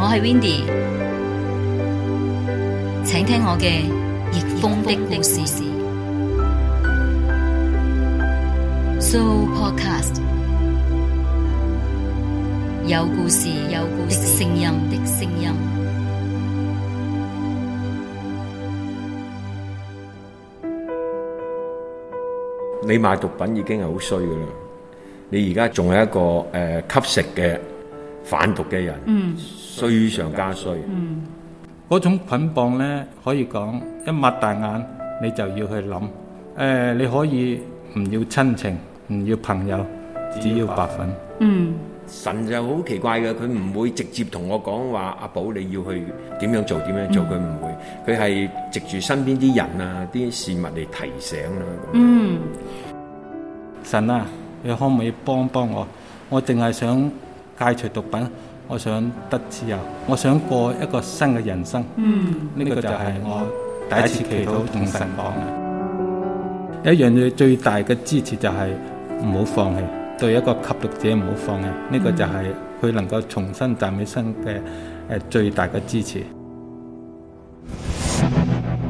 我係 Windy，請聽我嘅逆風的故事。So podcast 有故事，有故事聲音的聲音。你賣毒品已經係好衰噶啦，你而家仲係一個誒吸食嘅。反毒嘅人，嗯、衰上加衰。嗰、嗯、種捆綁咧，可以講一擘大眼，你就要去諗。誒、呃，你可以唔要親情，唔要朋友，只要白粉。嗯，神就好奇怪嘅，佢唔會直接同我講話，阿寶你要去點樣做，點樣做，佢唔會。佢係、嗯、藉住身邊啲人啊，啲事物嚟提醒啦。嗯，神啊，你可唔可以幫幫我？我淨係想，戒除毒品，我想得自由，我想過一個新嘅人生。呢、嗯、個就係我第一次祈禱同神講嘅。一心樣嘢最大嘅支持就係唔好放棄，對一個吸毒者唔好放棄。呢、嗯、個就係佢能夠重新站起身嘅誒最大嘅支持。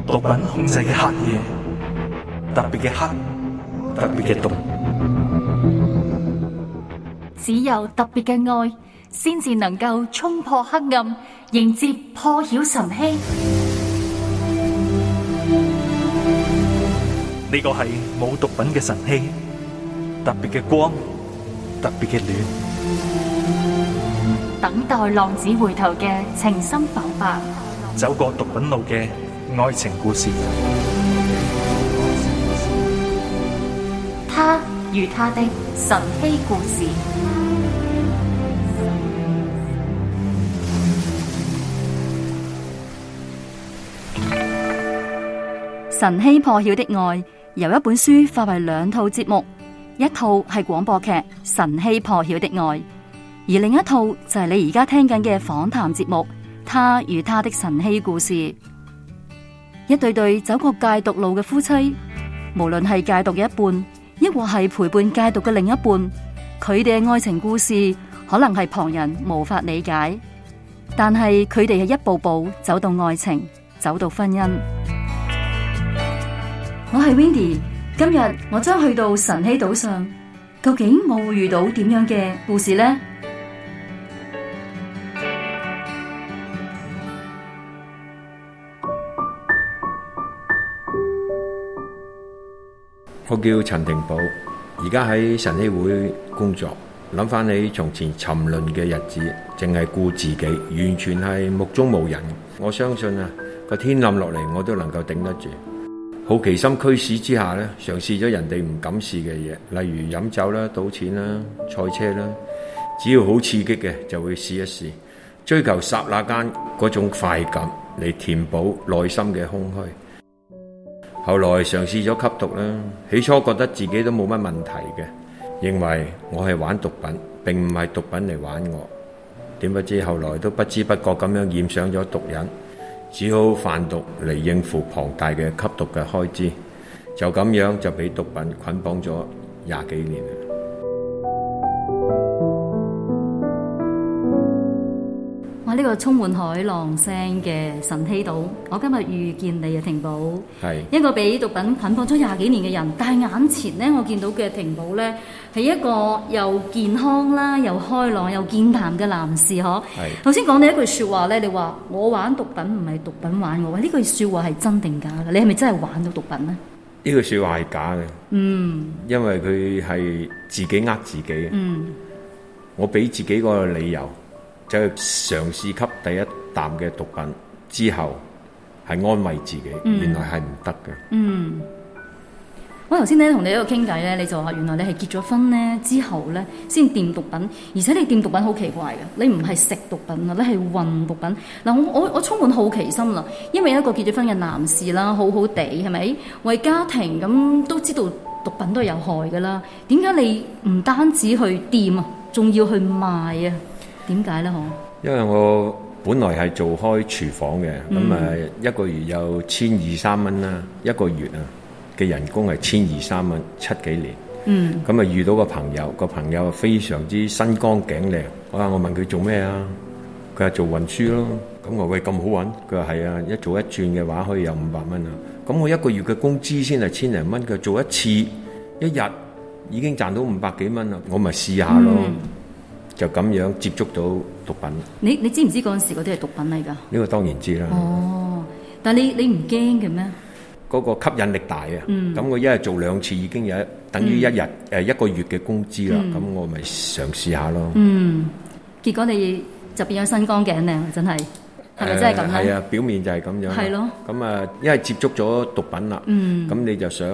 毒品控制嘅黑夜，特別嘅黑，特別嘅毒。只有特別嘅愛，先至能夠衝破黑暗，迎接破曉晨曦。呢個係冇毒品嘅晨曦，特別嘅光，特別嘅暖。等待浪子回頭嘅情深寶爸，走過毒品路嘅愛情故事。他、如他的神蹟故事，《神蹟破曉的愛》由一本書化為兩套節目，一套係廣播劇《神蹟破曉的愛》，而另一套就係你而家聽緊嘅訪談節目《他與他的神蹟故事》。一對對走過戒毒路嘅夫妻，無論係戒毒嘅一半。抑或係陪伴戒毒嘅另一半，佢哋嘅愛情故事可能係旁人無法理解，但係佢哋係一步步走到愛情，走到婚姻。我係 Windy，今日我將去到神溪島上，究竟我會遇到點樣嘅故事呢？我叫陳庭寶，而家喺晨曦會工作。諗翻起從前沉淪嘅日子，淨係顧自己，完全係目中無人。我相信啊，個天冧落嚟我都能夠頂得住。好奇心驅使之下呢，嘗試咗人哋唔敢試嘅嘢，例如飲酒啦、賭錢啦、賽車啦，只要好刺激嘅就會試一試。追求剎那間嗰種快感，嚟填補內心嘅空虛。後來嘗試咗吸毒啦，起初覺得自己都冇乜問題嘅，認為我係玩毒品，並唔係毒品嚟玩我。點不知後來都不知不覺咁樣染上咗毒癮，只好販毒嚟應付龐大嘅吸毒嘅開支，就咁樣就俾毒品捆綁咗廿幾年。呢個充滿海浪聲嘅晨曦島，我今日遇見你啊，庭寶。係是一個俾毒品捆綁咗廿幾年嘅人，但係眼前呢，我見到嘅庭寶呢，係一個又健康啦，又開朗又健談嘅男士嗬。係是。頭先講你一句說話呢，你話我玩毒品唔係毒品玩我，呢句說話係真定假㗎？你係咪真係玩咗毒品呢？呢句說話係假嘅。嗯。因為佢係自己呃自己。嗯。我俾自己個理由。走去嘗試吸第一啖嘅毒品之後，係安慰自己，嗯、原來係唔得嘅。嗯，我頭先咧同你一個傾偈咧，你就話原來你係結咗婚咧之後咧先掂毒品，而且你掂毒品好奇怪嘅，你唔係食毒品啊，你係運毒品。嗱、嗯，我我充滿好奇心啦，因為一個結咗婚嘅男士啦，好好地係咪？為家庭咁、嗯、都知道毒品都係有害噶啦，點解你唔單止去掂啊，仲要去賣啊？點解咧？嗬，因為我本來係做開廚房嘅，咁誒、嗯、一個月有千二三蚊啦，一個月啊嘅人工係千二三蚊，七幾年。嗯，咁啊遇到個朋友，這個朋友非常之身光頸靚。啊，我問佢做咩啊？佢話做運輸咯。咁我，喂，咁好揾？佢話係啊，一做一轉嘅話可以有五百蚊啊。咁我一個月嘅工資先係千零蚊，佢做一次一日已經賺到五百幾蚊啦，我咪試下咯。嗯就咁樣接觸到毒品。你你知唔知嗰陣時嗰啲係毒品嚟㗎？呢個當然知啦。哦，但係你你唔驚嘅咩？嗰個吸引力大啊！咁我一日做兩次已經有一等於一日誒一個月嘅工資啦，咁我咪嘗試下咯。嗯，結果你就變咗身光頸靚，真係係咪真係咁樣？係啊，表面就係咁樣。係咯。咁啊，因為接觸咗毒品啦。嗯。咁你就想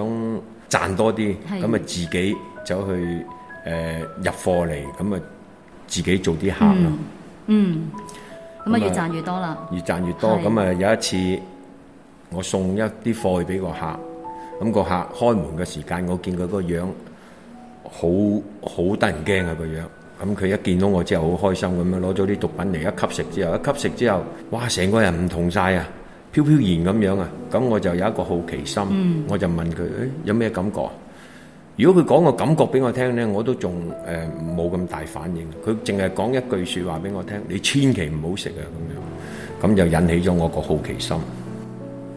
賺多啲，咁啊自己走去誒入貨嚟，咁啊～自己做啲客咯，嗯，嗯，咁啊越賺越多啦，越賺越多。咁啊是有一次，我送一啲貨去俾個客，咁個客開門嘅時間，我見佢個樣好好得人驚啊個樣。咁、嗯、佢一見到我之後，好開心咁樣，攞咗啲毒品嚟一吸食之後，一吸食之後，哇！成個人唔同晒啊，飄飄然咁樣啊。咁我就有一個好奇心，嗯、我就問佢：誒、欸、有咩感覺？如果佢講個感覺俾我聽咧，我都仲誒冇咁大反應。佢淨係講一句説話俾我聽，你千祈唔好食啊咁樣，咁就引起咗我個好奇心。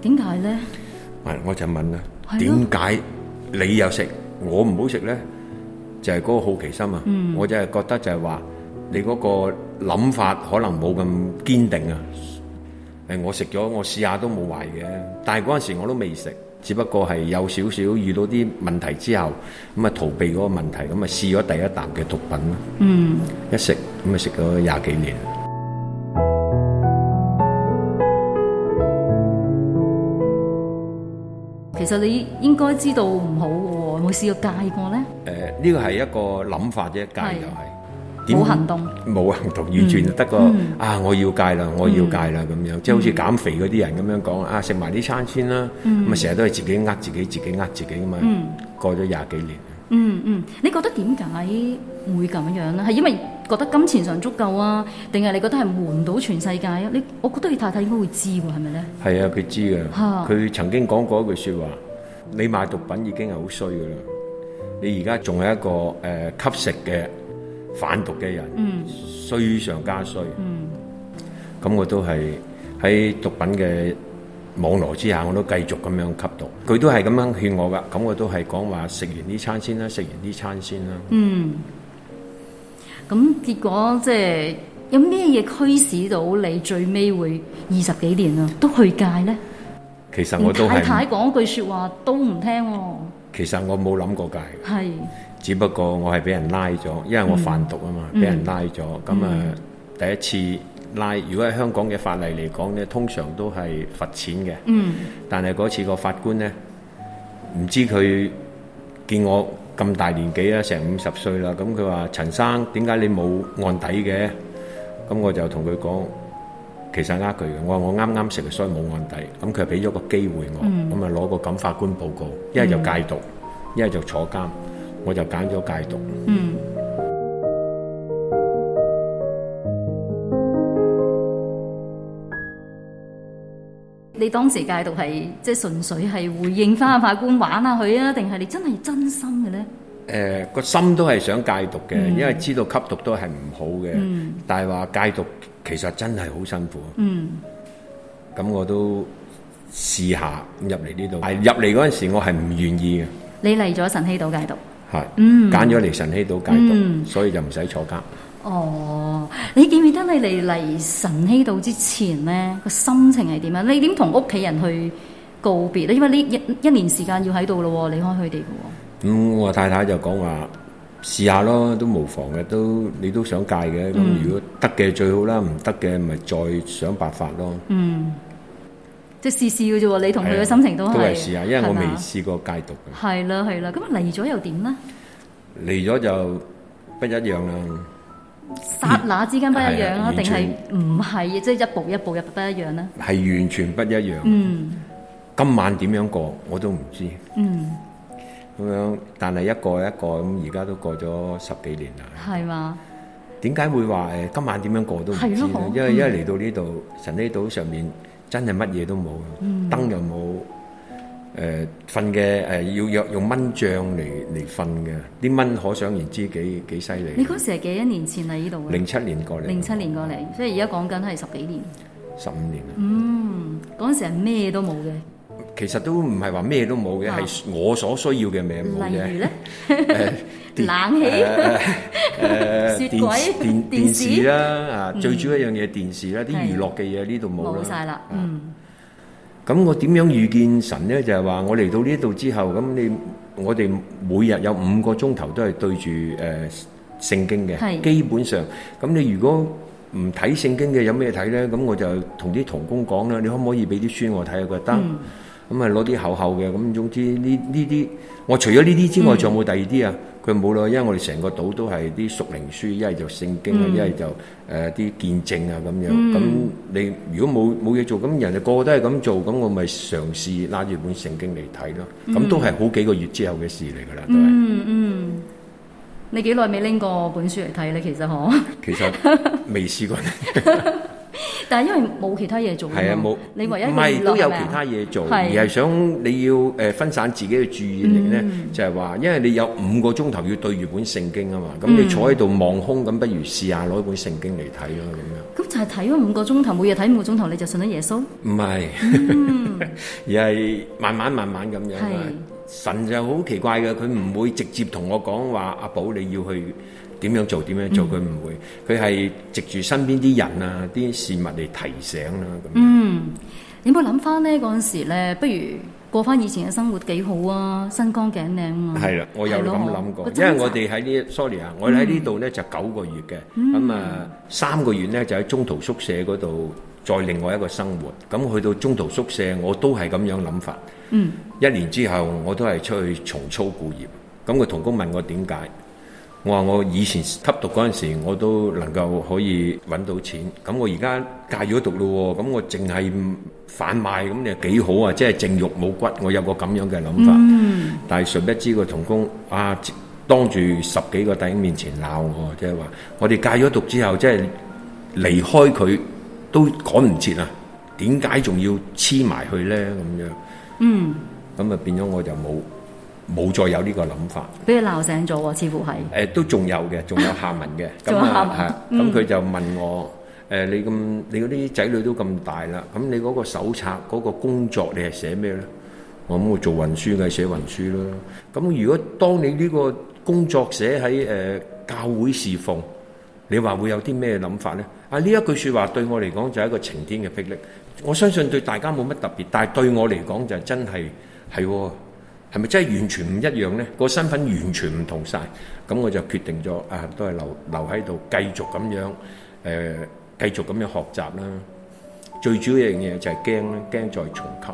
點解咧？係、哎，我就問啦，點解的你又食，我唔好食咧？就係、是、嗰個好奇心啊！嗯、我就係覺得就係話你嗰個諗法可能冇咁堅定啊。誒、哎，我食咗我試下都冇壞嘅，但係嗰陣時我都未食。只不過係有少少遇到啲問題之後，咁啊逃避嗰個問題，咁啊試咗第一啖嘅毒品咯。嗯，一食咁啊食咗廿幾年。其實你應該知道唔好喎、哦，有冇試過戒過咧？誒、呃，呢個係一個諗法啫，戒就係、是。冇行動，冇行動，完全得個、嗯、啊！我要戒啦，我要戒啦，咁、嗯、樣即係好似減肥嗰啲人咁樣講啊！食埋啲餐先啦，咁啊成日都係自己呃自己，自己呃自己啊嘛！嗯、過咗廿幾年，嗯嗯，你覺得點解會咁樣咧？係因為覺得金錢上足夠啊，定係你覺得係瞞唔到全世界啊？你我覺得你太太應該會知喎，係咪咧？係啊，佢知噶，佢、嗯、曾經講過一句說話：嗯、你買毒品已經係好衰噶啦！你而家仲係一個誒吸食嘅。嗯嗯販毒嘅人，嗯、衰上加衰，咁、嗯、我都係喺毒品嘅網絡之下，我都繼續咁樣吸毒。佢都係咁樣勸我噶，咁我都係講話食完呢餐先啦，食完呢餐先啦。嗯，咁結果即、就、係、是、有咩嘢驅使到你最尾會二十幾年啊，都去戒咧、哦？其實我都係太太講句說話都唔聽。其實我冇諗過戒。係。只不過我係俾人拉咗，因為我販毒啊嘛，俾、嗯、人拉咗。咁啊，第一次拉，如果喺香港嘅法例嚟講咧，通常都係罰錢嘅。嗯。但係嗰次個法官咧，唔知佢見我咁大年紀啦，成五十歲啦，咁佢話：陳生點解你冇案底嘅？咁我就同佢講，其實呃佢嘅。我話我啱啱食所以冇案底。咁佢俾咗個機會我，咁啊攞個檢法官報告，一係就戒毒，一係就坐監。我就揀咗戒毒。嗯。你當時戒毒係即係純粹係回應翻阿法官玩，玩下佢啊，定係你真係真心嘅咧？誒、呃，個心都係想戒毒嘅，嗯、因為知道吸毒都係唔好嘅。嗯、但係話戒毒其實真係好辛苦。嗯。咁、嗯、我都試下入嚟呢度。係入嚟嗰陣時我，我係唔願意嘅。你嚟咗晨曦島戒毒。係，揀咗嚟神溪島戒毒，嗯、所以就唔使坐監。哦，你記唔記得你嚟嚟神溪島之前咧個心情係點啊？你點同屋企人去告別咧？因為呢一一年時間要喺度咯，離開佢哋嘅。咁、嗯、我太太就講話試下咯，都無妨嘅，都你都想戒嘅。咁、嗯、如果得嘅最好啦，唔得嘅咪再想辦法咯。嗯。即係試試嘅啫喎，你同佢嘅心情都都係試下，因為我未試過戒毒嘅。係啦係啦，咁嚟咗又點咧？嚟咗就不一樣啦！剎那之間不一樣啊，定係唔係？即係、就是、一步一步入不一樣咧？係完全不一樣。嗯。今晚點樣過我都唔知。嗯。咁樣，但係一個一個咁，而家都過咗十幾年啦。係嘛吧？點解會話誒？今晚點樣過都唔知？啊嗯、因為因為嚟到呢度神呢島上面。真係乜嘢都冇，嗯、燈又冇，誒瞓嘅誒要用用蚊帳嚟嚟瞓嘅，啲蚊可想而知幾幾犀利。你嗰時係幾多年前啊？呢度零七年過嚟，零七年過嚟，所以而家講緊係十幾年，十五年。嗯，嗰陣時係咩都冇嘅。其實都唔係話咩都冇嘅，係、啊、我所需要嘅名目嘅。例如咧，呃、冷氣、誒、呃、電、電視啦，啊、嗯，嗯、最主要一樣嘢，電視啦，啲娛樂嘅嘢呢度冇啦。冇晒啦。嗯。咁、啊、我點樣遇見神咧？就係、是、話我嚟到呢度之後，咁你我哋每日有五個鐘頭都係對住誒聖經嘅，基本上。咁你如果唔睇聖經嘅，有咩睇咧？咁我就同啲同工講啦，你可唔可以俾啲書我睇下啊？得。咁啊，攞啲、嗯嗯、厚厚嘅，咁總之呢呢啲，我除咗呢啲之外，仲有冇第二啲啊？佢冇咯，因為我哋成個島都係啲熟靈書，一係就聖經啊、嗯呃，一係就誒啲見證啊咁樣。咁你、嗯嗯嗯、如果冇冇嘢做，咁人哋個個都係咁做，咁我咪嘗試拿住本聖經嚟睇咯。咁、嗯、都係好幾個月之後嘅事嚟噶啦，都、就、係、是。嗯嗯，你幾耐未拎過本書嚟睇咧？其實嗬，嗯、其實未試 試過。 但係因為冇其他嘢做，係啊冇，你唯一唔係都有其他嘢做，而係想你要誒分散自己嘅注意力咧，就係話，因為你有五個鐘頭要對住本聖經啊嘛，咁你坐喺度望空咁，不如試下攞本聖經嚟睇咯咁樣。咁就係睇咗五個鐘頭，每日睇五個鐘頭，你就信咗耶穌？唔係，而係慢慢慢慢咁樣。神就好奇怪嘅，佢唔會直接同我講話，阿寶你要去。點樣做，點樣做佢唔會，佢係、嗯、藉住身邊啲人啊、啲、嗯、事物嚟提醒啦。嗯，你冇諗翻呢嗰陣時咧，不如過翻以前嘅生活幾好啊，身光頸靚啊。係啦，我有咁諗咯過，真因為我哋喺、嗯、呢，sorry 啊，我喺呢度咧就九個月嘅，咁、嗯、啊三個月咧就喺中途宿舍嗰度，再另外一個生活。咁去到中途宿舍，我都係咁樣諗法。嗯，嗯一年之後我都係出去重操故業。咁佢同工問我點解？我話我以前吸毒嗰陣時，我都能夠可以揾到錢。咁我而家戒咗毒咯，咁我淨係販賣，咁你幾好啊？即係淨肉冇骨，我有個咁樣嘅諗法。嗯、但係誰不知個同工啊，當住十幾個弟兄面前鬧我，即係話我哋戒咗毒之後，即係離開佢都趕唔切啊！點解仲要黐埋去咧？咁樣。嗯。咁啊，變咗我就冇。冇再有呢個諗法，俾佢鬧醒咗喎，似乎係誒、欸、都仲有嘅，仲有下文嘅，仲 有下文。咁佢、啊嗯、就問我誒、欸、你咁你嗰啲仔女都咁大啦，咁你嗰個手冊嗰、那個工作你係寫咩咧？我、嗯、諗我做運輸，嘅，寫運輸囉。咁如果當你呢個工作寫喺誒、呃、教會侍奉，你話會有啲咩諗法咧？啊呢一句説話對我嚟講就係一個晴天嘅霹靂，我相信對大家冇乜特別，但係對我嚟講就真係係。係咪真係完全唔一樣咧？個身份完全唔同晒，咁我就決定咗啊，都係留留喺度，繼續咁樣誒，繼續咁樣學習啦。最主要一樣嘢就係驚咧，驚再重級。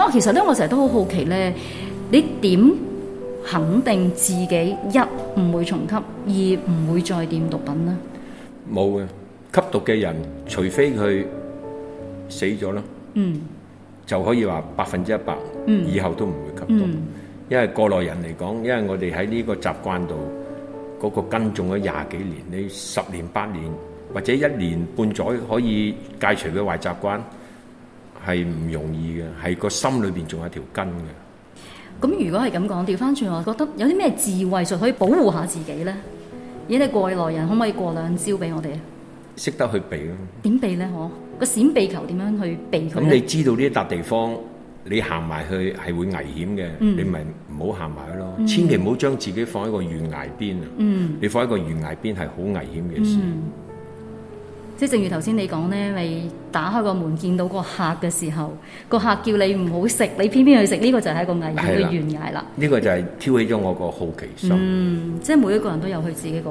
啊，其實咧，我成日都好好奇咧，你點？肯定自己一唔會重吸，二唔會再掂毒品啦。冇嘅，吸毒嘅人，除非佢死咗咯，嗯，就可以話百分之一百，嗯，以後都唔會吸毒。因為過來人嚟講，因為我哋喺呢個習慣度，嗰個根種咗廿幾年，你十年八年或者一年半載可以戒除嘅壞習慣，係唔容易嘅，係個心裏邊仲有條根嘅。咁如果係咁講，調翻轉，我覺得有啲咩智慧就可以保護下自己咧？你哋過來人可唔可以過兩招俾我哋？識得去避咯。點避咧？嗬、那，個閃避球點樣去避佢？咁你知道呢一笪地方，你行埋去係會危險嘅，嗯、你咪唔好行埋去咯。千祈唔好將自己放喺個懸崖邊啊！嗯、你放喺個懸崖邊係好危險嘅事。嗯。即係正如頭先你講咧，你打開個門見到個客嘅時候，個客叫你唔好食，你偏偏去食，呢、這個就係一個危險嘅懸崖啦。呢、這個就係挑起咗我個好奇心。嗯，即係每一個人都有佢自己一個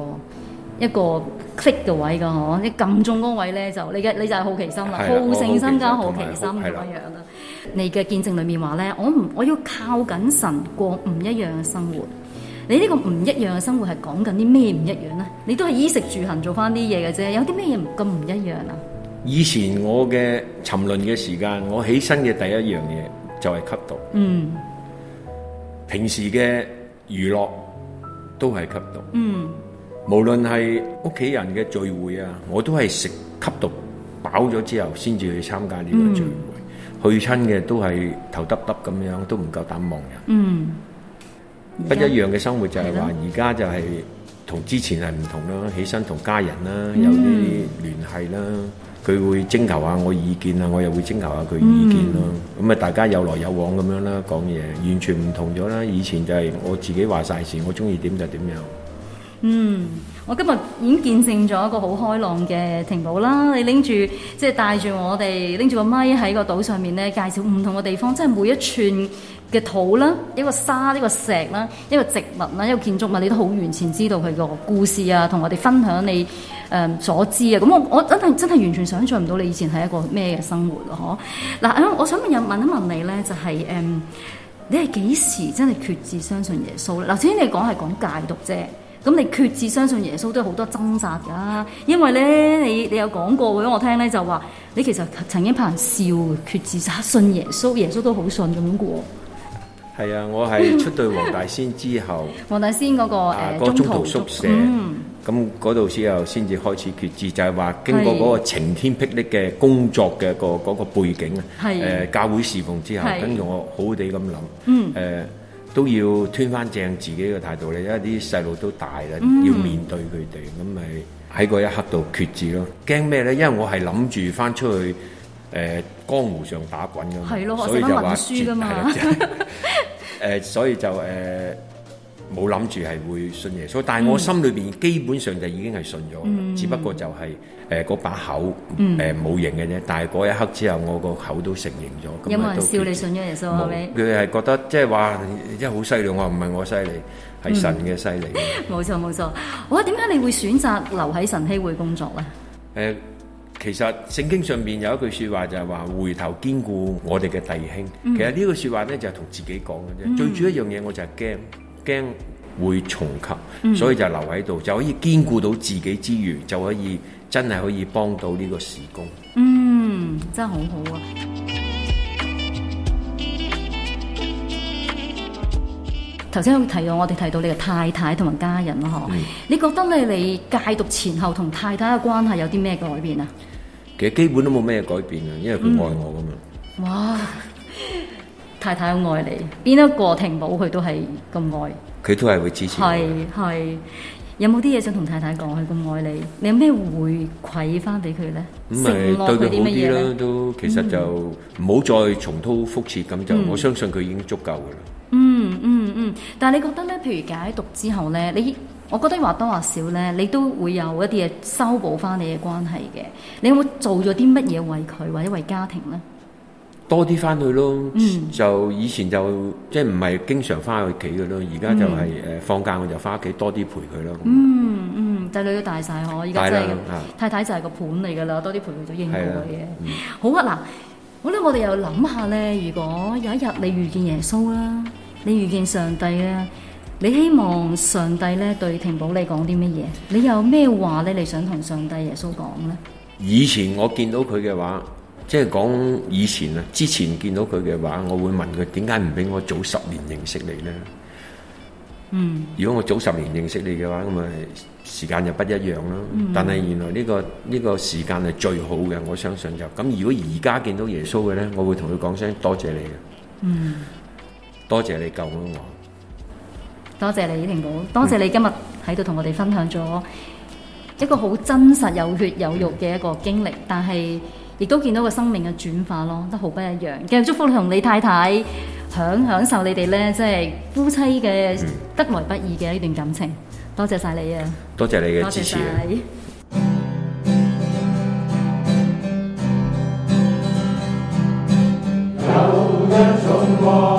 一個 click 嘅位㗎呵，你撳中嗰位咧就你嘅你就係好奇心啦，的好勝心加好奇心咁樣樣啦。你嘅見證裡面話咧，我唔我要靠緊神過唔一樣嘅生活。你呢個唔一樣嘅生活係講緊啲咩唔一樣咧？你都係衣食住行做返啲嘢嘅啫，有啲咩嘢咁唔一樣啊？以前我嘅沉淪嘅時間，我起身嘅第一樣嘢就係吸毒。嗯，平時嘅娛樂都係吸毒。嗯，無論係屋企人嘅聚會啊，我都係食吸毒，飽咗之後先至去參加呢個聚會。嗯、去親嘅都係頭耷耷咁樣，都唔夠膽望人。嗯。不一樣嘅生活就係話，而家就係同之前係唔同啦，起身同家人啦，有啲聯繫啦，佢會徵求下我意見啊，我又會徵求下佢意見咯。咁啊，大家有來有往咁樣啦，講嘢完全唔同咗啦。以前就係我自己話晒事，我中意點就點樣。嗯，我今日已經見證咗一個好開朗嘅庭寶啦。你拎住即係帶住我哋拎住個咪喺個島上面咧，介紹唔同嘅地方，即係每一寸嘅土啦，一個沙，一個石啦，一個植物啦，一個建築物，你都好完全知道佢個故事啊，同我哋分享你誒、嗯、所知啊。咁、嗯、我我真係真係完全想象唔到你以前係一個咩嘅生活咯～嗬嗱、嗯，我想問一問一問你咧，就係、是、誒、嗯、你係幾時真係決志相信耶穌咧？嗱，頭先你講係講戒毒啫，咁你決志相信耶穌都有好多掙扎噶，因為咧你你有講過俾我聽咧，就話你其實曾經怕人笑決志相信耶穌，耶穌都好信咁樣過係啊，我係出到黃大仙之後，黃大仙嗰個誒中途宿舍，咁嗰度之後先至開始決志，就係話經過嗰個晴天霹靂嘅工作嘅個嗰個背景啊，誒教會侍奉之後，跟住我好好地咁諗，誒都要攤翻正自己嘅態度咧，因為啲細路都大啦，要面對佢哋，咁咪喺嗰一刻度決志咯。驚咩咧？因為我係諗住翻出去誒江湖上打滾嘅嘛，所以就話。誒、呃，所以就誒冇諗住係會信耶穌，但係我心裏邊基本上就已經係信咗，嗯、只不過就係、是、誒、呃、把口誒冇型嘅啫。但係嗰一刻之後，我個口都成型咗。有冇人笑都你信咗耶穌啊？佢係無你覺得即係話，即係好犀利，我話唔係我犀利，係神嘅犀利。冇錯冇錯，哇！點解、嗯、你會選擇留喺神曦會工作咧？誒、呃。其實聖經上邊有一句說話就係話回頭兼顧我哋嘅弟兄，嗯、其實呢句說話咧就係、是、同自己講嘅啫。嗯、最主要一樣嘢我就係驚驚會重疊，嗯、所以就留喺度就可以兼顧到自己之餘，就可以真係可以幫到呢個事工。嗯，真係好好啊！頭先、嗯、提到我哋提到你嘅太太同埋家人咯，嗬、嗯？你覺得你你戒毒前後同太太嘅關係有啲咩改變啊？其實基本都冇咩改變呀，因為佢愛我咁樣。哇！太太好愛你，邊一個停補佢都係咁愛。佢都係會支持。係係。有冇啲嘢想同太太講？佢咁愛你，你有咩回饋翻俾佢咧？咁咪對佢好啲咯。都其實就唔好再重蹈覆轍咁就，我相信佢已經足夠噶啦。嗯嗯嗯，但係你覺得咧？譬如戒毒之後咧，你。我覺得或多或少咧，你都會有一啲嘢修補翻你嘅關係嘅。你有冇做咗啲乜嘢為佢或者為家庭咧？多啲翻去咯，嗯、就以前就即係唔係經常翻去企嘅咯。而家就係、是、誒、嗯呃、放假我就翻屋企多啲陪佢咯。嗯嗯，仔、嗯、女都大晒。我而家真係太太就係個盤嚟㗎啦，多啲陪佢就應該嘅、啊嗯啊。好啊嗱，好啦，我哋又諗下咧，如果有一日你遇見耶穌啦，你遇見上帝啦。你希望上帝咧對廷寶你講啲乜嘢？你有咩話你嚟想同上帝耶穌講咧？以前我見到佢嘅話，即係講以前啊，之前見到佢嘅話，我會問佢點解唔俾我早十年認識你咧？嗯，如果我早十年認識你嘅話，咁咪時間又不一樣啦。嗯、但係原來呢、呢個呢、呢個時間係最好嘅，我相信就咁。如果而家見到耶穌嘅咧，我會同佢講聲多謝你嘅。嗯，多謝你、嗯、多謝你救咗我。多謝你，李婷寶。多謝你今日喺度同我哋分享咗一個好真實、有血有肉嘅一個經歷，但係亦都見到個生命嘅轉化咯，都好不一樣。繼續祝福你同你太太享享受你哋咧，即係夫妻嘅得來不易嘅一段感情。多謝曬你啊！多謝你嘅支持。有一種光。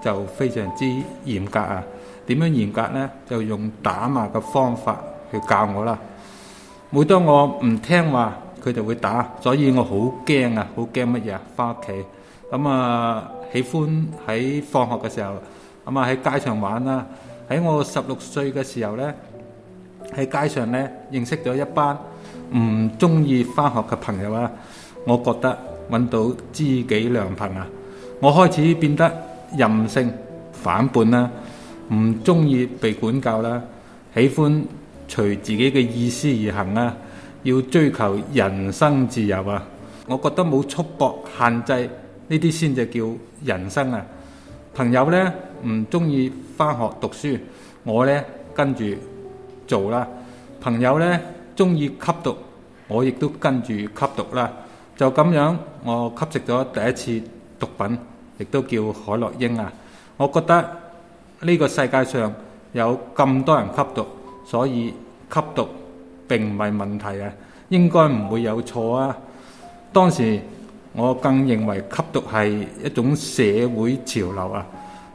就非常之嚴格啊！點樣嚴格呢？就用打罵嘅方法去教我啦。每當我唔聽話，佢就會打，所以我好驚啊！好驚乜嘢啊？翻屋企咁啊，喜歡喺放學嘅時候咁啊，喺、嗯、街上玩啦、啊。喺我十六歲嘅時候呢，喺街上呢認識咗一班唔中意翻學嘅朋友啊。我覺得揾到知己良朋啊！我開始變得～任性、反叛啦、啊，唔中意被管教啦、啊，喜歡隨自己嘅意思而行啦、啊，要追求人生自由啊！我覺得冇束縛限制呢啲先至叫人生啊！朋友咧唔中意翻學讀書，我咧跟住做啦。朋友咧中意吸毒，我亦都跟住吸毒啦。就咁樣，我吸食咗第一次毒品。亦都叫海洛英啊！我覺得呢個世界上有咁多人吸毒，所以吸毒並唔係問題啊，應該唔會有錯啊。當時我更認為吸毒係一種社會潮流啊，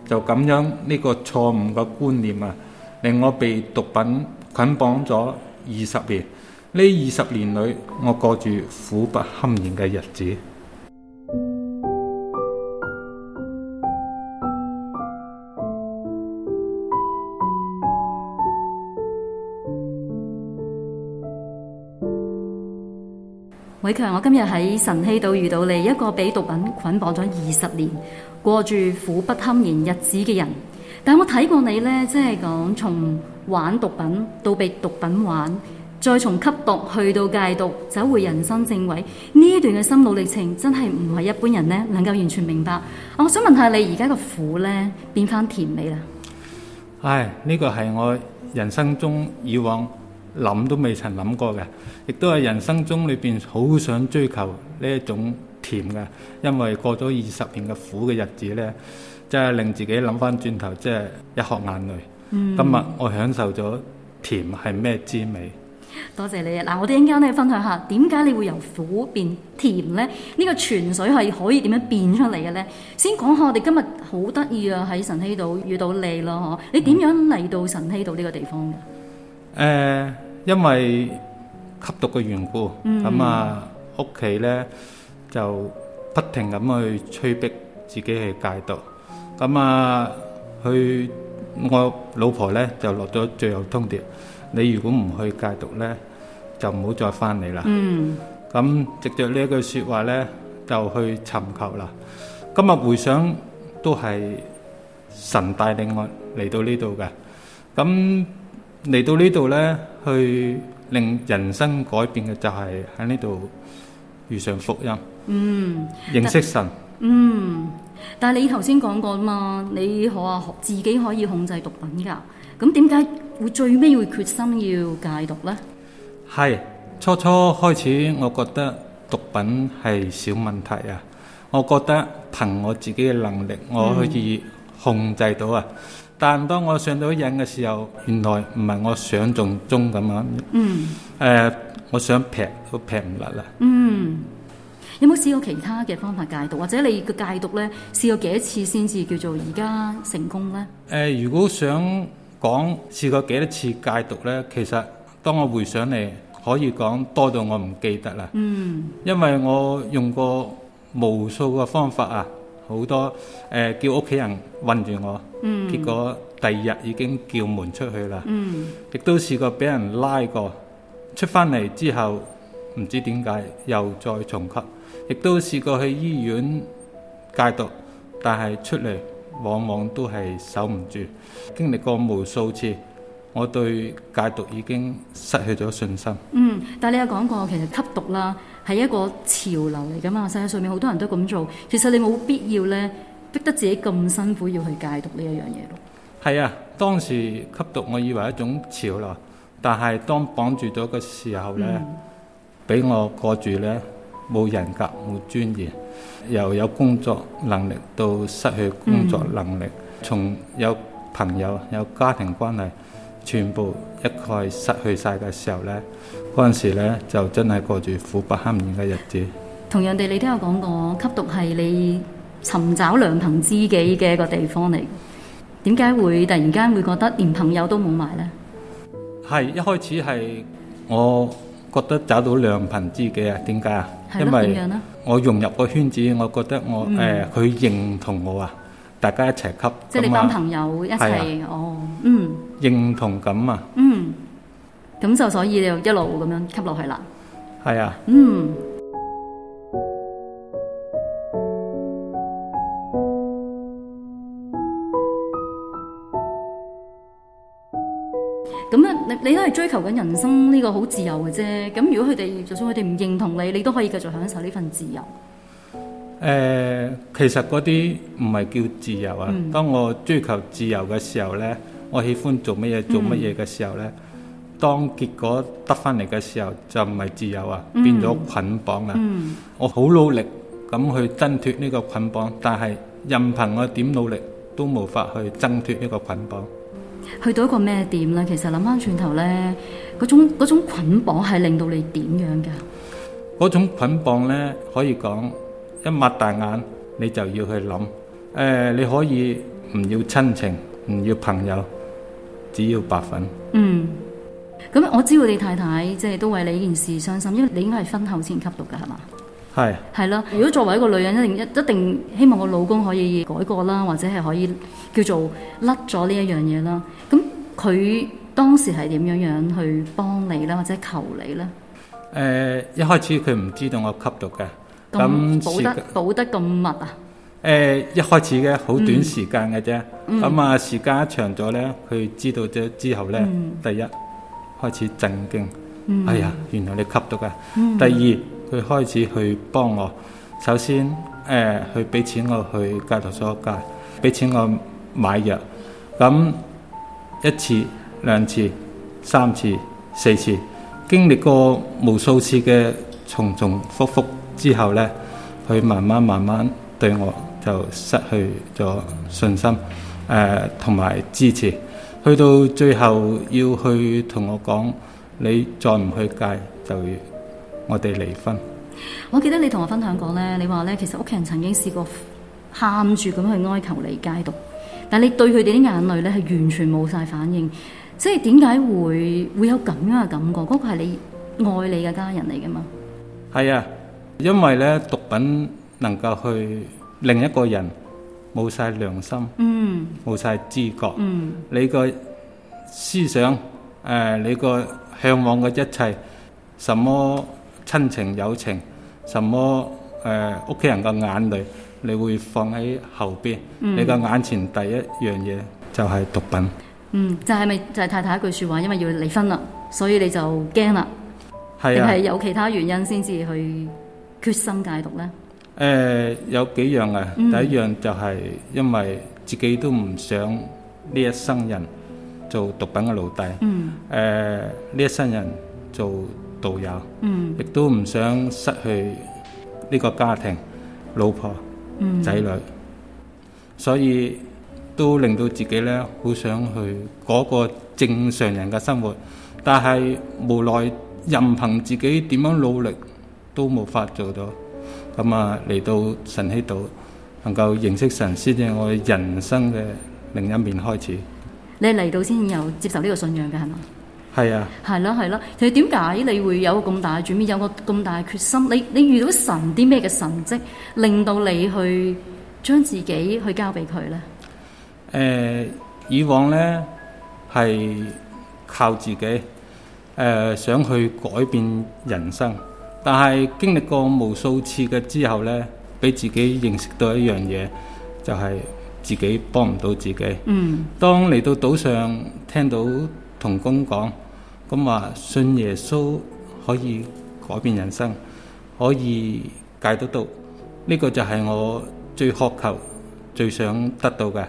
就咁樣呢個錯誤嘅觀念啊，令我被毒品捆綁咗二十年。呢二十年裏，我過住苦不堪言嘅日子。偉強，我今日喺晨曦度遇到你，一個被毒品捆綁咗二十年，過住苦不堪言日子嘅人。但係我睇過你呢，即係講從玩毒品到被毒品玩，再從吸毒去到戒毒，走回人生正位，呢段嘅心路歷程真係唔係一般人呢能夠完全明白。我想問下你，而家個苦呢變翻甜美啦。唉，呢、這個係我人生中以往。諗都未曾諗過嘅，亦都係人生中裏邊好想追求呢一種甜嘅。因為過咗二十年嘅苦嘅日子咧，真係令自己諗翻轉頭，即係一殼眼淚。嗯、今日我享受咗甜係咩滋味？多謝你啊！嗱，我哋陣間咧分享下點解你會由苦變甜呢？呢、這個泉水係可以點樣變出嚟嘅咧？先講下我哋今日好得意啊！喺神溪島遇到你咯，你點樣嚟到神溪島呢個地方嘅？誒、呃，因為吸毒嘅緣故，咁、嗯、啊屋企咧就不停咁去催逼自己去戒毒，咁啊，佢我老婆咧就落咗最後通牒，你如果唔去戒毒咧，就唔好再翻嚟啦。咁藉、嗯、著呢一句説話咧，就去尋求啦。今日回想都係神帶領我嚟到呢度嘅，咁。嚟到呢度呢，去令人生改變嘅就係喺呢度遇上福音，嗯，認識神，嗯。但係你頭先講過嘛？你可啊，自己可以控制毒品㗎。咁點解會最尾會決心要戒毒呢？係初初開始，我覺得毒品係小問題啊。我覺得憑我自己嘅能力，我可以控制到啊。嗯。但當我上到癮嘅時候，原來唔係我想像中中咁樣。嗯，誒，我想劈都劈唔甩啦。嗯，mm. 有冇試過其他嘅方法戒毒？或者你嘅戒毒呢？試過幾多次先至叫做而家成功呢？誒、呃，如果想講試過幾多次戒毒呢？其實當我回想嚟，可以講多到我唔記得啦。嗯，mm. 因為我用過無數個方法啊，好多誒、呃、叫屋企人韞住我。嗯、結果第二日已經叫門出去啦，亦、嗯、都試過俾人拉過，出翻嚟之後唔知點解又再重吸，亦都試過去醫院戒毒，但係出嚟往往都係守唔住，經歷過無數次，我對戒毒已經失去咗信心。嗯，但係你有講過，其實吸毒啦係一個潮流嚟㗎嘛，世界上面好多人都咁做，其實你冇必要呢。逼得自己咁辛苦要去戒毒呢一樣嘢咯。係啊，當時吸毒我以為一種潮流，但係當綁住咗嘅時候咧，俾、嗯、我過住咧冇人格冇尊嚴，由有工作能力到失去工作能力，嗯、從有朋友有家庭關係全部一概失去晒嘅時候咧，嗰陣時咧就真係過住苦不堪言嘅日子。同樣地，你都有講過吸毒係你。尋找良朋知己嘅一個地方嚟，點解會突然間會覺得連朋友都冇埋咧？係一開始係我覺得找到良朋知己啊。點解啊？點樣咧，因為我融入個圈子，我覺得我誒、佢、嗯欸、認同我啊，大家一齊吸。即係你班朋友一齊、啊啊、哦、嗯、認同感啊，嗯，咁就所以就一路咁樣吸落去啦，係啊，嗯。咁咧，你你都係追求緊人生呢個好自由嘅啫。咁如果佢哋，就算佢哋唔認同你，你都可以繼續享受呢份自由。誒、呃，其實嗰啲唔係叫自由啊。嗯、當我追求自由嘅時候呢，我喜歡做乜嘢做乜嘢嘅時候呢，嗯、當結果得翻嚟嘅時候就唔係自由啊，嗯、變咗捆綁啊。嗯、我好努力咁去掙脫呢個捆綁，但係任憑我點努力都無法去掙脫呢個捆綁。去到一個咩點咧？其實諗翻轉頭咧，嗰種嗰種捆綁係令到你點樣㗎？嗰種捆綁咧，可以講一擘大眼，你就要去諗。誒、呃，你可以唔要親情，唔要朋友，只要白粉。嗯。咁我知道你太太即係都為你件事傷心，因為你應該係婚後先吸毒㗎，係嘛？係，係咯。如果作為一個女人，一定一一定希望我老公可以改過啦，或者係可以叫做甩咗呢一樣嘢啦。咁佢當時係點樣樣去幫你呢？或者求你呢？誒、呃，一開始佢唔知道我吸毒嘅，咁保得時保得咁密啊？誒、呃，一開始嘅好短時間嘅啫，咁啊、嗯、時間一長咗呢，佢知道咗之後呢，嗯、第一開始震驚，嗯、哎呀，原來你吸毒㗎。嗯、第二。佢開始去幫我，首先誒，佢、呃、俾錢我去戒頭所戒，俾錢我買藥，咁一次、兩次、三次、四次，經歷過無數次嘅重重復復之後呢，佢慢慢慢慢對我就失去咗信心，誒同埋支持，去到最後要去同我講，你再唔去戒就我哋離婚。我記得你同我分享過咧，你話咧，其實屋企人曾經試過喊住咁去哀求你戒毒，但係你對佢哋啲眼淚咧係完全冇晒反應，即係點解會會有咁樣嘅感覺？嗰個係你愛你嘅家人嚟噶嘛？係啊，因為咧毒品能夠去令一個人冇晒良心，嗯，冇晒知覺，嗯，你個思想誒、呃，你個向往嘅一切，什麼？親情友情，什麼誒屋企人嘅眼淚，你會放喺後邊？嗯、你嘅眼前第一樣嘢就係毒品。嗯，就係、是、咪就係太太一句説話，因為要離婚啦，所以你就驚啦？係啊，定係有其他原因先至去決心戒毒咧？誒、呃，有幾樣嘅、啊。嗯、第一樣就係因為自己都唔想呢一生人做毒品嘅奴隸。嗯。誒、呃，呢一生人做。道友，亦、嗯、都唔想失去呢個家庭、老婆、仔、嗯、女，所以都令到自己咧好想去嗰個正常人嘅生活。但係無奈任憑自己點樣努力都無法做到，咁啊嚟到神喜島，能夠認識神先至係我人生嘅另一面開始。你嚟到先有接受呢個信仰嘅係嘛？係啊，係咯，係咯。其實點解你會有咁大轉變，有個咁大嘅決心？你你遇到神啲咩嘅神蹟，令到你去將自己去交俾佢呢？誒、呃，以往呢，係靠自己，誒、呃，想去改變人生，但係經歷過無數次嘅之後呢，俾自己認識到一樣嘢，就係、是、自己幫唔到自己。嗯，當嚟到島上，聽到同工講。咁話、嗯、信耶穌可以改變人生，可以戒得到，呢個就係我最渴求、最想得到嘅。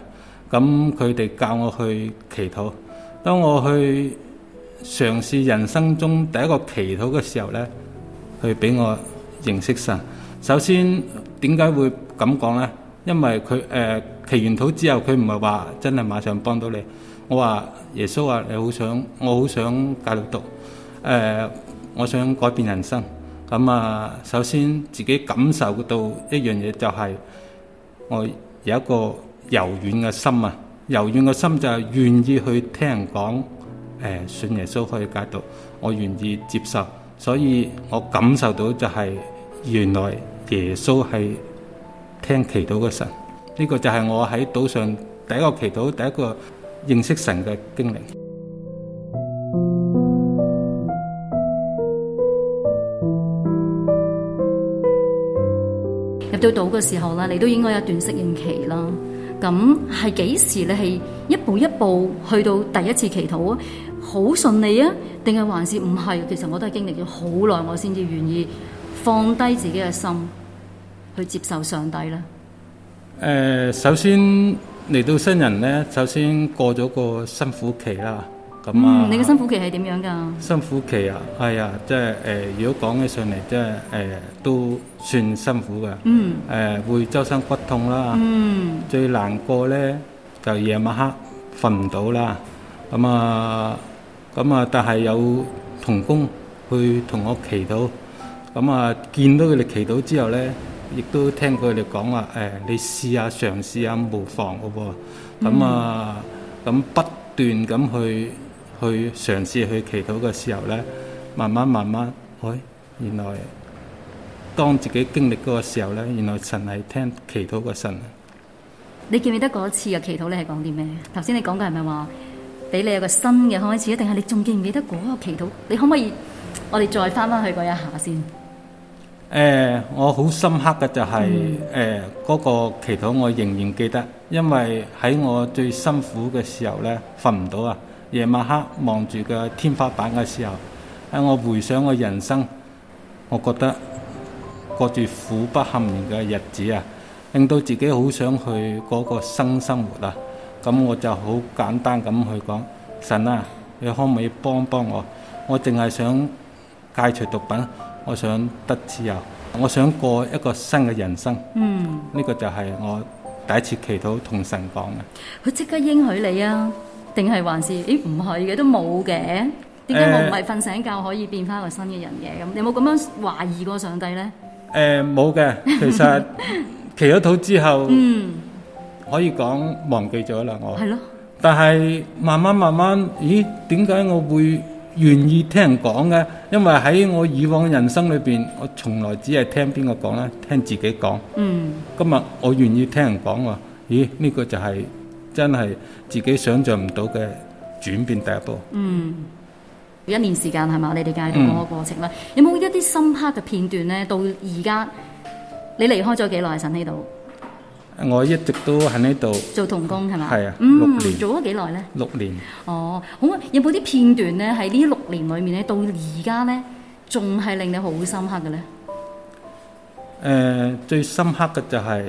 咁佢哋教我去祈禱，當我去嘗試人生中第一個祈禱嘅時候呢，佢俾我認識神。首先點解會咁講呢？因為佢誒祈完禱之後，佢唔係話真係馬上幫到你。.我話耶穌話、啊，你好想，我好想戒毒，誒、呃，我想改變人生。咁、嗯、啊，首先自己感受到一樣嘢就係，我有一個柔軟嘅心啊，柔軟嘅心就係願意去聽人講，誒、呃，信耶穌可以戒毒，我願意接受。所以，我感受到就係原來耶穌係聽祈禱嘅神。呢、這個就係我喺島上第一個祈禱，第一個。認識神嘅經歷。入到島嘅時候啦，你都應該有一段適應期啦。咁係幾時你係一步一步去到第一次祈禱啊？好順利啊？定係還是唔係？其實我都係經歷咗好耐，我先至願意放低自己嘅心去接受上帝啦。誒，首先。嚟到新人咧，首先過咗個辛苦期啦，咁啊。嗯、你嘅辛苦期係點樣㗎？辛苦期啊，係、哎、啊，即係誒、呃，如果講起上嚟，即係誒、呃、都算辛苦嘅。嗯。誒、呃，會周身骨痛啦。嗯。最難過咧，就夜晚黑瞓唔到啦。咁啊，咁啊，但係有同工去同我祈禱，咁啊，見到佢哋祈禱之後咧。亦都聽佢哋講話，誒、哎，你試下嘗試下無妨嘅喎。咁啊，咁不斷咁去去嘗試去祈禱嘅時候咧，慢慢慢慢，哎，原來當自己經歷嗰個時候咧，原來神係聽祈禱嘅神。你記唔記得嗰次嘅祈禱你係講啲咩？頭先你講嘅係咪話俾你有個新嘅開始啊？定係你仲記唔記得嗰個祈禱？你可唔可以我哋再翻翻去嗰一下先？誒，我好深刻嘅就係誒嗰個祈禱，我仍然記得，因為喺我最辛苦嘅時候呢，瞓唔到啊，夜晚黑望住個天花板嘅時候，喺我回想我人生，我覺得過住苦不堪言嘅日子啊，令到自己好想去嗰個新生，生活啊，咁我就好簡單咁去講，神啊，你可唔可以幫幫我？我淨係想戒除毒品。我想得自由，我想過一個新嘅人生。嗯，呢個就係我第一次祈禱同神講嘅。佢即刻應許你啊？定係還是？咦，哎，唔係嘅，都冇嘅。點解，呃、我唔係瞓醒覺可以變翻一個新嘅人嘅？咁，你有冇咁樣懷疑過上帝咧？誒，呃，冇嘅。其實祈咗禱之後，嗯，可以講忘記咗啦。我係咯。的但係慢慢慢慢，慢慢，咦？點解我會？願意聽人講嘅，因為喺我以往嘅人生裏邊，我從來只係聽邊個講咧？聽自己講。嗯，今日我願意聽人講喎，咦？呢、這個就係真係自己想象唔到嘅轉變第一步。嗯，一年時間係嘛？你哋介紹個過程啦，嗯、有冇一啲深刻嘅片段呢？到而家你離開咗幾耐？神呢度？我一直都喺呢度做童工係咪？係啊，嗯，做咗幾耐咧？六年。哦，好啊！有冇啲片段咧？喺呢六年裏面咧，到而家咧，仲係令你好深刻嘅咧？誒，最深刻嘅就係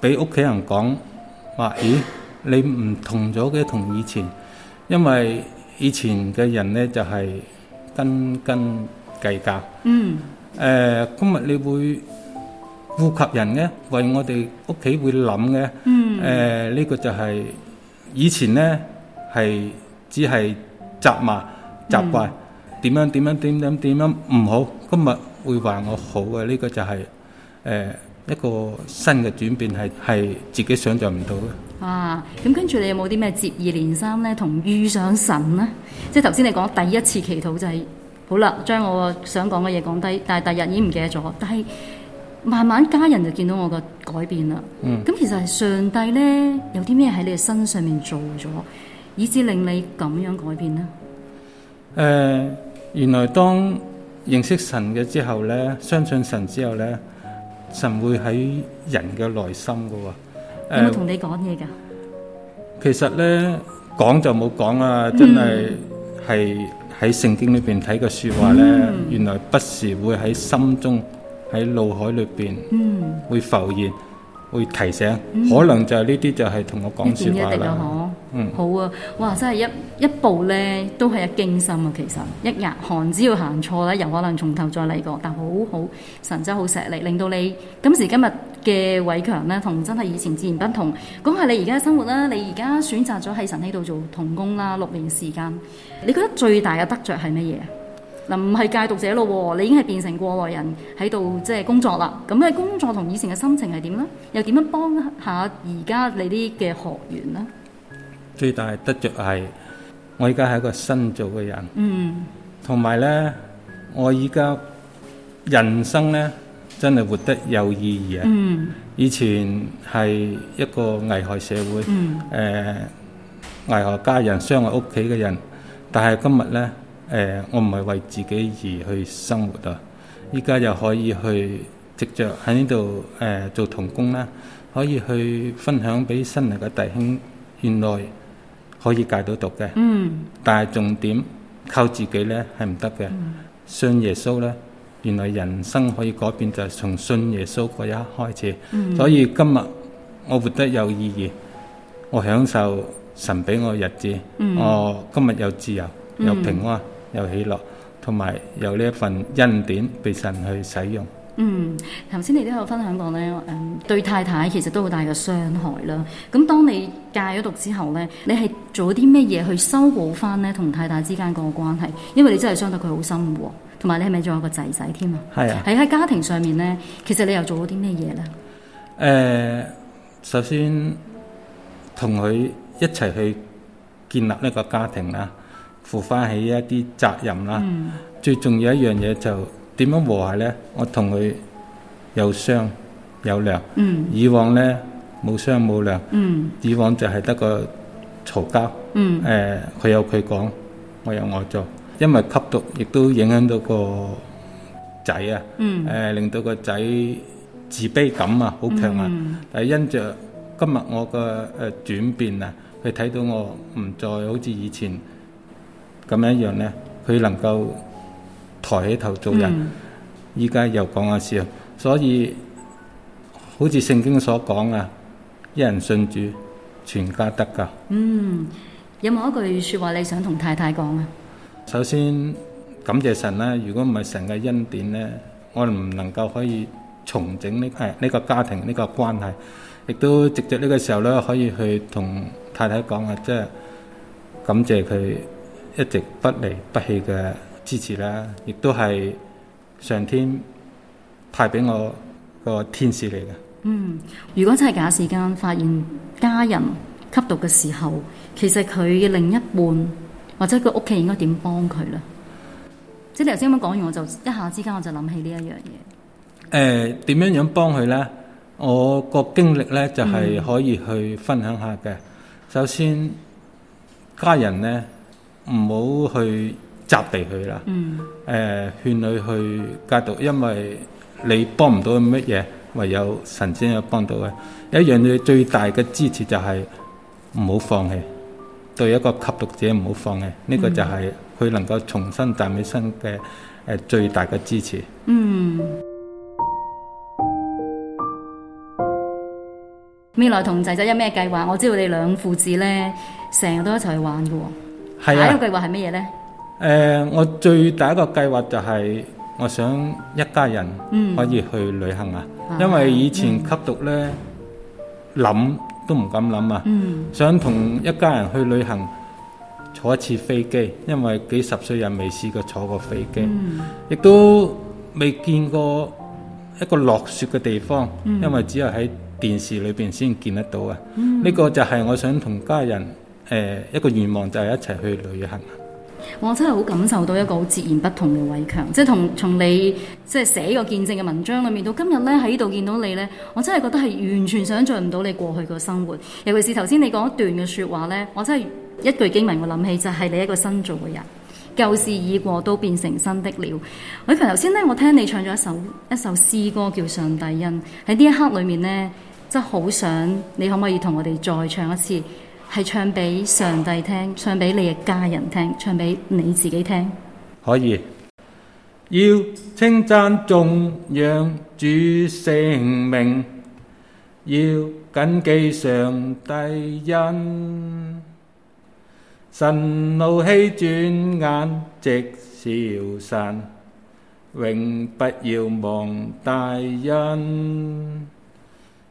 俾屋企人講話，咦，你唔同咗嘅，同以前，因為以前嘅人咧就係斤斤計較。嗯。誒，今日你會？顧及人嘅，為我哋屋企會諗嘅。誒，呢個就係以前咧，係只係責罵、責怪點樣點樣點點點樣唔好，今日會話我好嘅。呢個就係誒一個新嘅轉變，係係自己想象唔到嘅。啊，咁跟住你有冇啲咩接二連三咧？同遇上神咧？即係頭先你講第一次祈禱就係好啦，將我想講嘅嘢講低，但係第二日已經唔記得咗，但係。慢慢家人就見到我個改變啦。咁、嗯、其實係上帝咧，有啲咩喺你嘅身上面做咗，以至令你咁樣改變呢？誒、呃，原來當認識神嘅之後咧，相信神之後咧，神會喺人嘅內心噶喎。呃、有冇同你講嘢噶？其實咧，講就冇講啦，真係係喺聖經裏邊睇嘅說話咧，嗯、原來不時會喺心中，喺腦海裏邊，嗯，會浮現，會提醒，嗯、可能就係呢啲就係同我講笑一定有，啊、嗯，好啊，哇，哇，真係一一步咧都係一驚心啊！其實一日行，只要行錯咧，又可能從頭再嚟過。但好好神真係好錫你，令到你今時今日嘅偉強咧，同真係以前自然不同。講下你而家生活啦，啊，你而家選擇咗喺神呢度做童工啦，啊，六年時間，你覺得最大嘅得着係乜嘢？嗱，唔係戒毒者咯，你已經係變成過來人喺度即係工作啦。咁你，工作同以前嘅心情係點呢？又點樣幫下而家你啲嘅學員呢？最大得著係我依家係一個新做嘅人。嗯。同埋呢，我依家人生呢真係活得有意義啊！嗯。以前係一個危害社會，誒危害家人、傷害屋企嘅人，但係今日呢。誒、呃，我唔係為自己而去生活啊！依家又可以去直著喺呢度誒做童工啦，啊，可以去分享俾新嚟嘅弟兄，原來可以戒到毒嘅。嗯。但係重點靠自己呢係唔得嘅。嗯，信耶穌呢，原來人生可以改變，就係從信耶穌嗰一刻開始。嗯，所以今日我活得有意義，我享受神俾我嘅日子。我，嗯哦，今日有自由，有平安。嗯嗯有起落，同埋有呢一份恩典俾神去使用。嗯，頭先你都有分享過呢誒、嗯、對太太其實都好大嘅傷害啦。咁當你戒咗毒之後呢，你係做啲咩嘢去修補翻呢同太太之間個關係？因為你真係傷到佢好深喎。同埋你係咪仲有一個仔仔添啊？係啊，喺喺家庭上面呢，其實你又做咗啲咩嘢呢？誒、呃，首先同佢一齊去建立呢個家庭啊！負翻起一啲責任啦。Mm. 最重要一樣嘢就點樣和諧呢？我同佢有商有量。Mm. 以往呢，冇商冇量，mm. 以往就係得個嘈交。誒、mm. 呃，佢有佢講，我有我做。因為吸毒亦都影響到個仔啊，誒、mm. 呃，令到個仔自卑感啊好強啊。Mm. 但係因着今日我嘅誒、呃、轉變啊，佢睇到我唔再好似以前。咁樣一樣咧，佢能夠抬起頭做人，依家、嗯、又講下笑，所以好似聖經所講啊，一人信主，全家得㗎。嗯，有冇一句説話你想同太太講啊？首先感謝神啦、啊，如果唔係神嘅恩典咧，我哋唔能夠可以重整呢、這個呢、這個家庭呢、這個關係，亦都直接呢個時候咧，可以去同太太講啊，即係感謝佢。一直不離不棄嘅支持啦，亦都係上天派俾我個天使嚟嘅。嗯，如果真係假時間發現家人吸毒嘅時候，其實佢嘅另一半或者佢屋企應該點幫佢呢？即係你頭先咁樣講完，我就一下之間我就諗起呢一、呃、樣嘢。誒，點樣樣幫佢呢？我個經歷呢，就係、是、可以去分享下嘅。嗯、首先，家人呢。唔好去責備佢啦。誒、嗯，勸你、呃、去戒毒，因為你幫唔到佢乜嘢，唯有神先有幫到嘅。一樣嘢最大嘅支持就係唔好放棄，對一個吸毒者唔好放棄，呢、嗯、個就係佢能夠重新站起身嘅誒最大嘅支持。嗯。 未來同仔仔有咩計劃？我知道你兩父子咧，成日都一齊玩嘅喎。係啊！下、啊、一個計劃係乜嘢呢？誒，我最大一個計劃就係我想一家人可以去旅行啊！嗯、因為以前吸毒呢，諗、嗯、都唔敢諗啊！嗯、想同一家人去旅行，坐一次飛機，因為幾十歲人未試過坐過飛機，亦、嗯、都未見過一個落雪嘅地方，嗯、因為只有喺電視裏邊先見得到啊！呢、嗯、個就係我想同家人。誒，一個願望就係一齊去旅行。我真係好感受到一個好截然不同嘅偉強，即係同從你即係寫個見證嘅文章裏面到今日咧，喺呢度見到你咧，我真係覺得係完全想象唔到你過去個生活。尤其是頭先你講一段嘅說話咧，我真係一句經文我諗起就係你一個新做嘅人，舊事已過都變成新的了。偉強，頭先咧我聽你唱咗一首一首詩歌叫《上帝恩》，喺呢一刻裏面呢，真係好想你可唔可以同我哋再唱一次。係唱俾上帝聽，唱俾你嘅家人聽，唱俾你自己聽。可以要稱讚頌揚主聖名，要謹記上帝恩，神怒氣轉眼即消散，永不要忘大恩。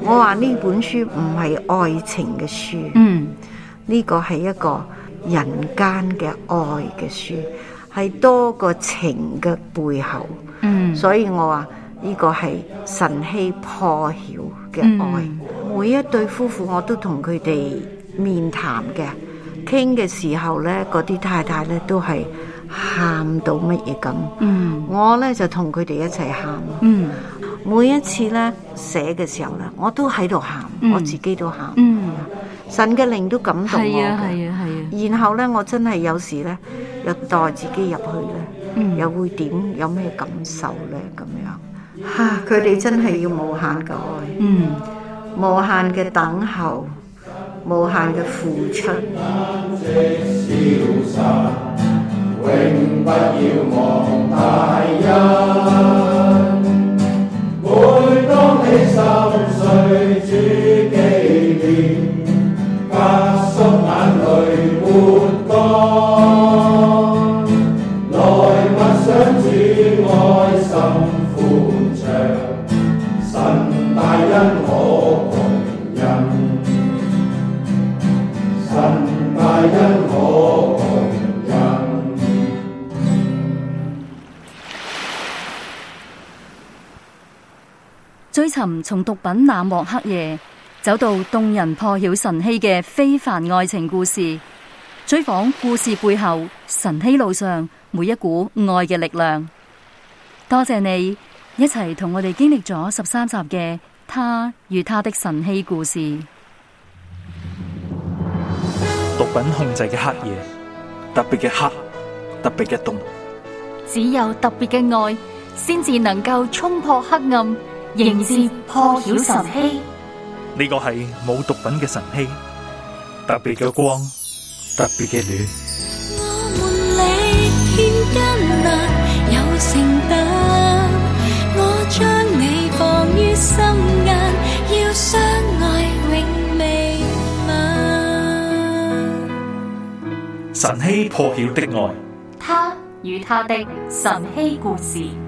我話呢本書唔係愛情嘅書，嗯，呢個係一個人間嘅愛嘅書，係多個情嘅背後，嗯，所以我話呢個係晨曦破曉嘅愛。嗯、每一對夫婦我都同佢哋面談嘅，傾嘅時候呢，嗰啲太太呢都係。喊到乜嘢咁？嗯、我咧就同佢哋一齊喊。嗯、每一次咧寫嘅時候咧，我都喺度喊，嗯、我自己都喊。嗯、神嘅靈都感動我嘅。係啊係啊係啊、然後咧，我真係有時咧，又代自己入去咧，嗯、又會點？有咩感受咧？咁樣吓，佢、啊、哋真係要無限嘅愛，嗯、無限嘅等候，無限嘅付出。 永不要忘大恩，每當你心碎，主記念，加速眼淚抹乾，來默想主我。尋從毒品冷漠黑夜走到動人破曉晨曦嘅非凡愛情故事，追訪故事背後晨曦路上每一股愛嘅力量。多謝你一齊同我哋經歷咗十三集嘅他與他的晨曦故事。毒品控制嘅黑夜特別嘅黑，特別嘅凍，只有特別嘅愛先至能夠衝破黑暗。迎接破曉晨曦，呢個係冇毒品嘅晨曦，特別嘅光，特別嘅暖。我們力獻因難有承擔，我將你放於心間，要相愛永未晚。晨曦破曉的愛，他與他的晨曦故事。